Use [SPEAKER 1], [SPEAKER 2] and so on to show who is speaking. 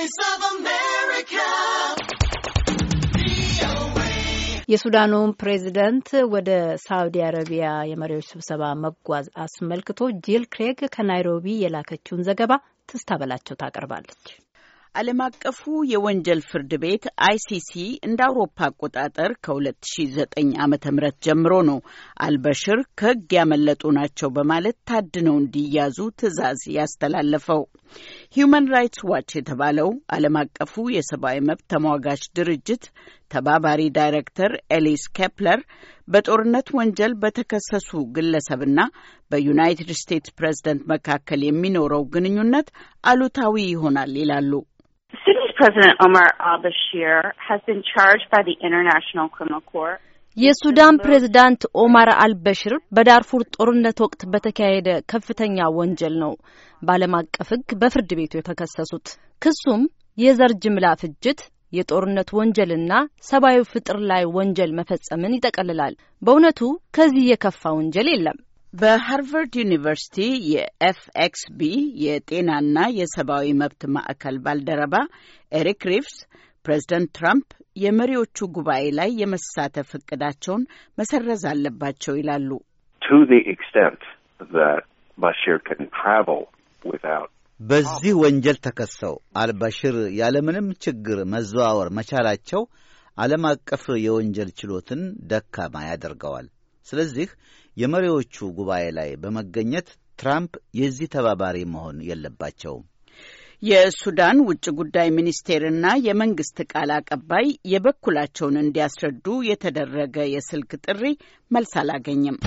[SPEAKER 1] Voice
[SPEAKER 2] ፕሬዚደንት ወደ ሳውዲ አረቢያ የመሪዎች ስብሰባ መጓዝ አስመልክቶ ጂል ክሬግ ከናይሮቢ የላከችውን ዘገባ ትስታበላቸው ታቀርባለች። ዓለም አቀፉ የወንጀል
[SPEAKER 3] ፍርድ ቤት አይሲሲ እንደ አውሮፓ አቆጣጠር ከ2009 ዓ ም ጀምሮ ነው አልበሽር ከህግ ያመለጡ ናቸው በማለት ታድነው እንዲያዙ ትዕዛዝ ያስተላለፈው። ሂዩማን ራይትስ ዋች የተባለው ዓለም አቀፉ የሰብአዊ መብት ተሟጋች ድርጅት ተባባሪ ዳይሬክተር ኤሊስ ኬፕለር በጦርነት ወንጀል በተከሰሱ ግለሰብና በዩናይትድ ስቴትስ ፕሬዝደንት መካከል የሚኖረው ግንኙነት አሉታዊ ይሆናል ይላሉ። President Omar al-Bashir has been charged by the International Criminal Court
[SPEAKER 1] የሱዳን ፕሬዝዳንት ኦማር አልበሽር በዳርፉር ጦርነት ወቅት በተካሄደ ከፍተኛ ወንጀል ነው በዓለም አቀፍ ሕግ በፍርድ ቤቱ የተከሰሱት። ክሱም የዘር ጅምላ ፍጅት፣ የጦርነት ወንጀልና ሰብአዊ ፍጥር ላይ ወንጀል መፈጸምን ይጠቀልላል። በእውነቱ ከዚህ የከፋ ወንጀል የለም። በሃርቨርድ
[SPEAKER 3] ዩኒቨርሲቲ የኤፍኤክስቢ የጤናና የሰብአዊ መብት ማዕከል ባልደረባ ኤሪክ ሪቭስ ፕሬዝደንት ትራምፕ የመሪዎቹ ጉባኤ ላይ
[SPEAKER 4] የመሳተፍ
[SPEAKER 3] እቅዳቸውን መሰረዝ አለባቸው ይላሉ።
[SPEAKER 4] በዚህ ወንጀል ተከሰው አልባሽር ያለምንም ችግር መዘዋወር መቻላቸው ዓለም አቀፍ የወንጀል ችሎትን ደካማ ያደርገዋል። ስለዚህ የመሪዎቹ ጉባኤ ላይ በመገኘት ትራምፕ የዚህ ተባባሪ መሆን የለባቸውም። የሱዳን
[SPEAKER 3] ውጭ ጉዳይ ሚኒስቴርና የመንግስት ቃል አቀባይ የበኩላቸውን እንዲያስረዱ የተደረገ የስልክ ጥሪ መልስ አላገኝም።